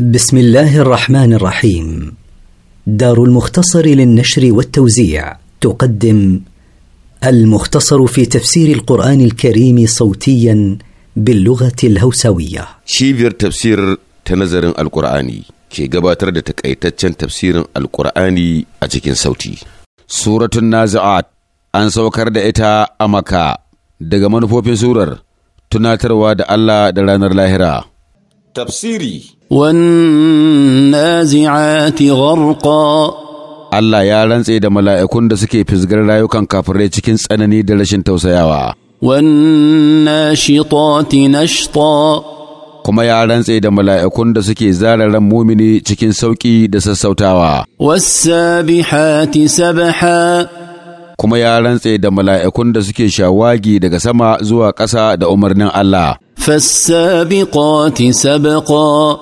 بسم الله الرحمن الرحيم دار المختصر للنشر والتوزيع تقدم المختصر في تفسير القرآن الكريم صوتيا باللغة الهوسوية شيفير تفسير تنظر القرآني كي قباتر تكأيتتشن تفسير القرآني أجيكين صوتي سورة النازعات أن سوكر دائتا أمكا دقمان فوبين سورر tunatarwa da Allah da ranar lahira. tafsiri wannazi'ati gharqa Allah ya rantse da mala'ikun da suke fisgar rayukan kafirai cikin tsanani da rashin tausayawa wannashitati nashta kuma ya rantse da mala'ikun da suke zara ran mumini cikin sauƙi da sassautawa wassabihati sabha kuma ya rantse da mala'ikun da suke shawagi daga sama zuwa ƙasa da umarnin Allah فالسابقات سبقا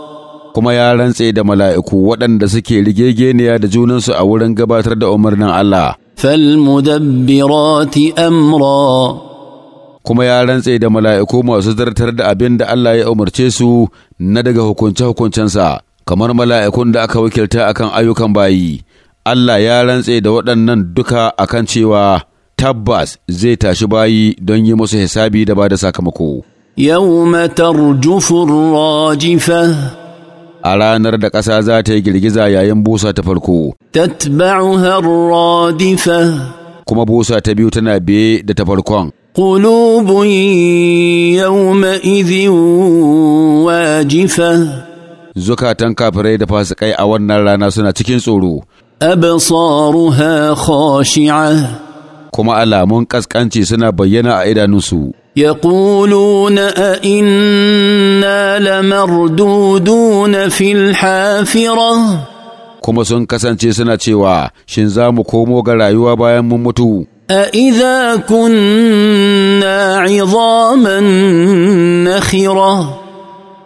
kuma ya rantse da mala'iku waɗanda suke rigegeniya da junansu a wurin gabatar da umarnin Allah. Falmudabbirati amra kuma ya rantse da mala'iku masu zartar da abin da Allah ya umarce su na daga hukunce-hukuncensa, kamar mala'ikun da aka wakilta akan ayyukan bayi. Allah ya rantse da waɗannan duka akan cewa tabbas zai tashi bayi don yi musu hisabi da ba da sakamako. يوم ترجف الراجفة a ranar da ƙasa za ta yi girgiza yayin busa ta farko. Tatba'uha radifa kuma busa ta biyu tana biye da ta farkon. Qulubun yawma idhin wajifa Zukatan kafirai da fasikai a wannan rana suna cikin tsoro. Absaruha khashi'a kuma alamun ƙasƙanci suna bayyana a idanunsu. يقولون na لمردودون في الحافرة kuma sun kasance suna cewa shin za mu komo ga rayuwa bayan mu mutu أإذا كنا عظاما نخرة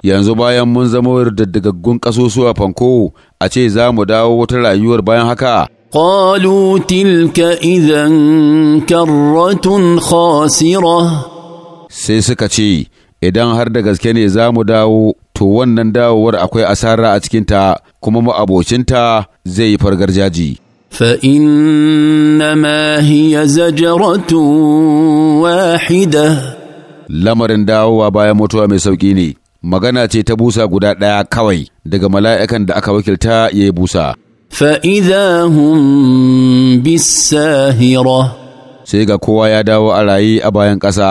yanzu bayan mun zama daddagaggun ƙasusuwa fanko a ce za mu dawo wata rayuwar bayan haka قالوا تلك إذا كرة خاسرة sai suka ce idan har da gaske ne za mu dawo to wannan dawowar akwai asara a cikinta kuma ma'abocinta zai yi fargar jaji lamarin dawowa bayan mutuwa mai sauƙi ne magana ce ta busa guda ɗaya kawai daga mala'ikan da aka wakilta ya yi busa fa'iza hun bisahira sai ga kowa ya dawo a raye a bayan ƙasa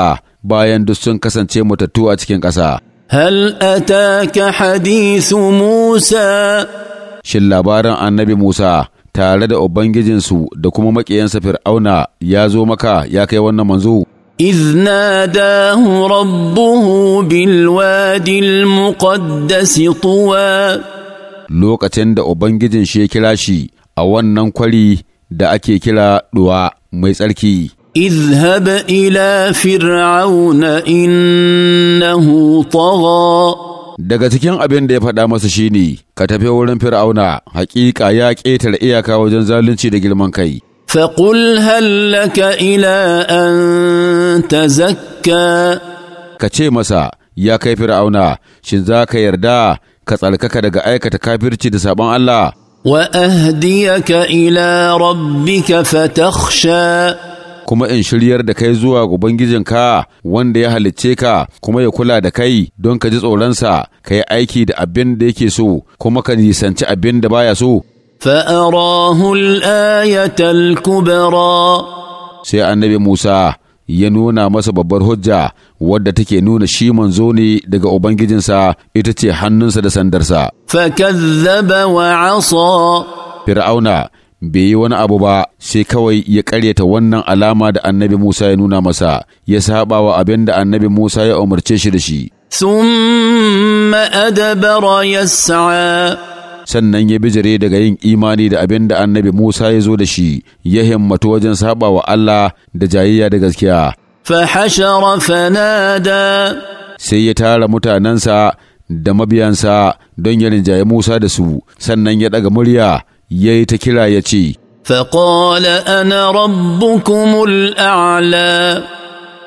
bayan duk sun kasance matattu a cikin ƙasa. Hal ataka hadisu Musa. Shin labarin annabi Musa tare da Ubangijinsu da kuma maƙiyansa Fir'auna ya zo maka ya kai wannan manzo. إذ ناداه ربه بالواد المقدس طوى lokacin da Ubangijin shi ya kira shi a wannan kwari da ake kira ɗuwa mai tsarki. اذهب الى فرعون انه طغى daga cikin abin da ya faɗa masa shine ka tafi wurin fir'auna hakika ya ƙetare iyaka wajen zalunci da girman kai Faƙul hallaka ila an ان ka ce masa ya kai fir'auna shin za ka yarda ka tsalkaka daga aikata kafirci da sabon Allah wa ahdiyaka ila rabbika fatakhsha kuma in shiryar da kai zuwa Ubangijinka wanda ya halicce ka kuma ya kula da kai don ka ji tsoronsa ka yi aiki da abin da yake so kuma ka nisanci abin da baya so. sai annabi Musa ya nuna masa babbar hujja wadda take nuna shi manzo ne daga Ubangijinsa ita ce hannunsa da sandarsa. Fakazzaba wa asa. Fir'auna bai yi wani abu ba sai kawai ya karyata wannan alama da annabi Musa ya nuna masa ya saba wa abin da annabi Musa ya umarce shi da shi. Summa adabara yas'a sannan ya bijire daga yin imani da abin da annabi Musa ya zo da shi ya himmatu wajen saba wa Allah da jayayya da gaskiya. Fahashara fanada sai ya tara mutanensa da mabiyansa don ya jaye Musa da su sannan ya ɗaga murya ya yi ta kira ya ce, فقال أنا ربكم الأعلى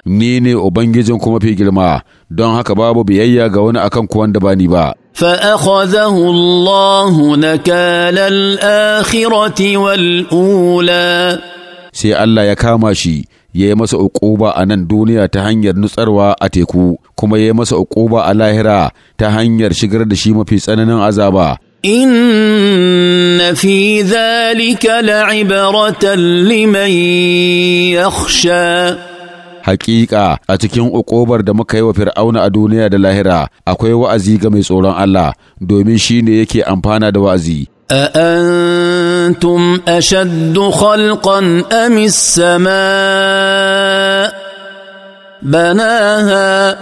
ni ne Ubangijin kuma fi girma, don haka babu biyayya ga wani akan kuwan da bani ba. فأخذه الله نكال akhirati walula sai Allah ya kama shi ya yi masa uƙuba a nan duniya ta hanyar nutsarwa a teku kuma ya yi masa uƙuba a lahira ta hanyar shigar da shi mafi tsananin azaba ان في ذلك لعبره لمن يخشى Hakika a cikin uƙobar da muka yi wa Fir'auna a duniya da lahira akwai wa'azi ga mai tsoron Allah domin shi ne yake amfana da wa'azi. أأنتم أشد خلقا amis sama banaha.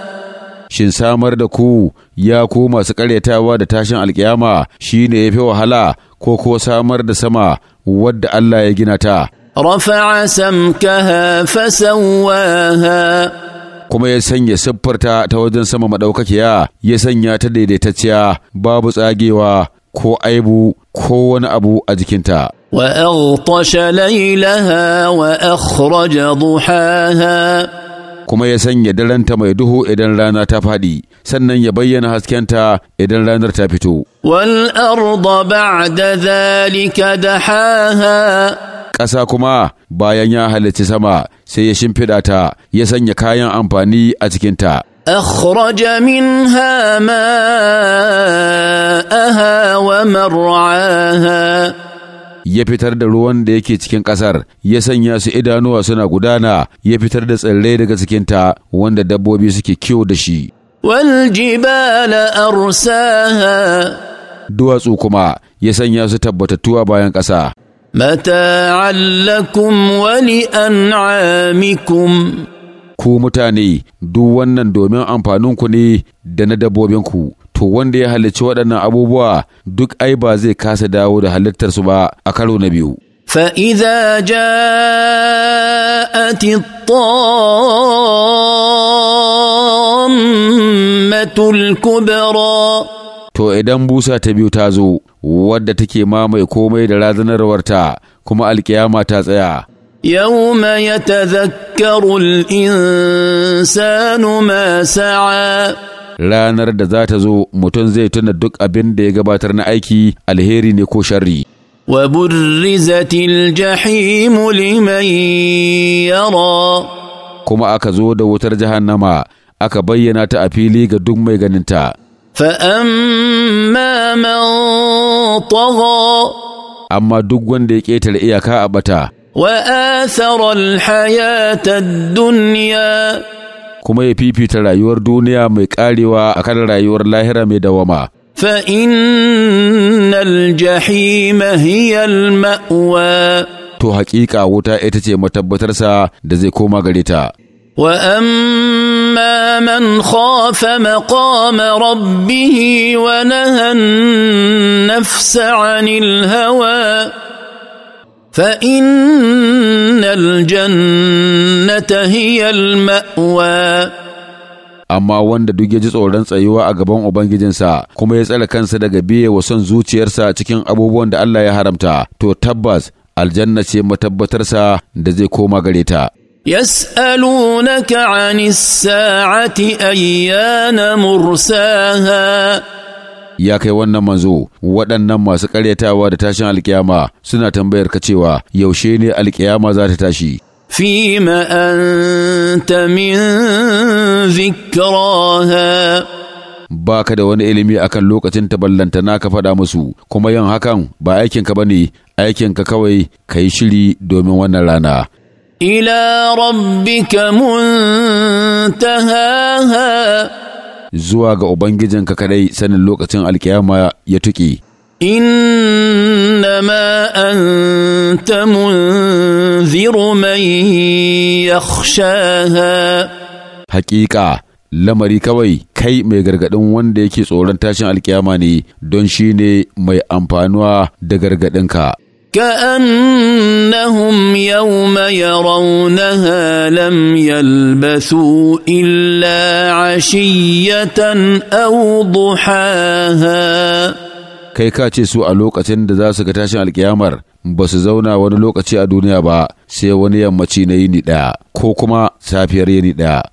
shin samar da ku ya ku masu karyatawa da tashin alkiyama ya fi wahala ko ko samar da sama wadda Allah ya gina ta رفع سمكها فسواها kuma ya sanya siffarta ta wajen sama maɗaukakiya ya sanya ta daidaitacciya babu tsagewa ko aibu ko wani abu a jikinta. وأغطش ليلها وأخرج ضحاها kuma ya sanya daranta mai duhu idan rana ta faɗi sannan ya bayyana haskenta idan ranar ta fito wal'arda ba'da zalika ƙasa kuma bayan ya halarci sama sai ya shimfiɗa ta ya sanya kayan amfani a cikinta أخرج منها ماءها ومرعاها ya fitar da ruwan da yake cikin ƙasar ya sanya su idanuwa suna gudana ya fitar da tsirrai daga cikin ta wanda dabbobi suke kiwo da shi waljibala arsaha duwatsu kuma ya sanya su tabbatattuwa bayan ƙasa متاعا wani an'amikum ku mutane duk wannan domin amfaninku ne da na dabbobinku to wanda ya halicci waɗannan abubuwa duk ai ba zai kasa dawo da halittarsu ba a karo na biyu. فإذا جاءت الطامة الكبرى To idan busa ta biyu ta zo, wadda take mamaye komai da razanarwarta kuma alkiyama ta tsaya. يوم يتذكر الإنسان ما سعى ranar da za ta zo mutum zai tuna duk abin da ya gabatar na aiki alheri ne ko sharri. Wa burrizatil jahimu liman yara kuma aka zo da wutar jahannama aka bayyana ta a fili ga duk mai ganinta. Fa'amma man Amma duk wanda ya ƙetare iyaka a ɓata. وآثر الحياة الدنيا kuma ya fifita rayuwar duniya mai karewa akan rayuwar lahira mai dawama فإن الجحيم هي المأوى to haƙiƙa wuta ita ce matabbatarsa da zai koma gare ta وأما من خاف مقام ربه ونهى النفس عن الهوى فان الجنه هي الماوى amma wanda duk ya ji tsoron tsayuwa a gaban Ubangijinsa kuma ya tsala kansa daga biye wa son zuciyarsa cikin abubuwan da Allah ya haramta, to tabbas aljanna ce sa da zai koma gare ta. yas'alunaka 'anis sa'ati ayyana mursaha. ya kai wannan manzo waɗannan masu ƙaryatawa da tashin alkiyama suna tambayar ka cewa yaushe ne alkiyama za ta tashi فيم أنت min ذكراها ba ka da wani ilimi akan lokacin na ka faɗa musu kuma yin hakan ba aikinka ba ne aikinka kawai ka yi shiri domin wannan rana ila rabbika muntahaha zuwa ga ka kaɗai sanin lokacin alkiyama ya tuƙe. إنما أنت منذر من يخشاها حقيقة lamari kawai kai mai gargadin wanda yake tsoron tashin alkiyama ne don shi ne mai amfanuwa da gargaɗinka كانهم يوم يرونها لم يلبثوا الا عشيه او ضحاها kai ka ce su a lokacin da za su ga tashin alkiyamar ba su zauna wani lokaci a duniya ba sai wani yammaci na yini ɗaya ko kuma safiyar yini ɗaya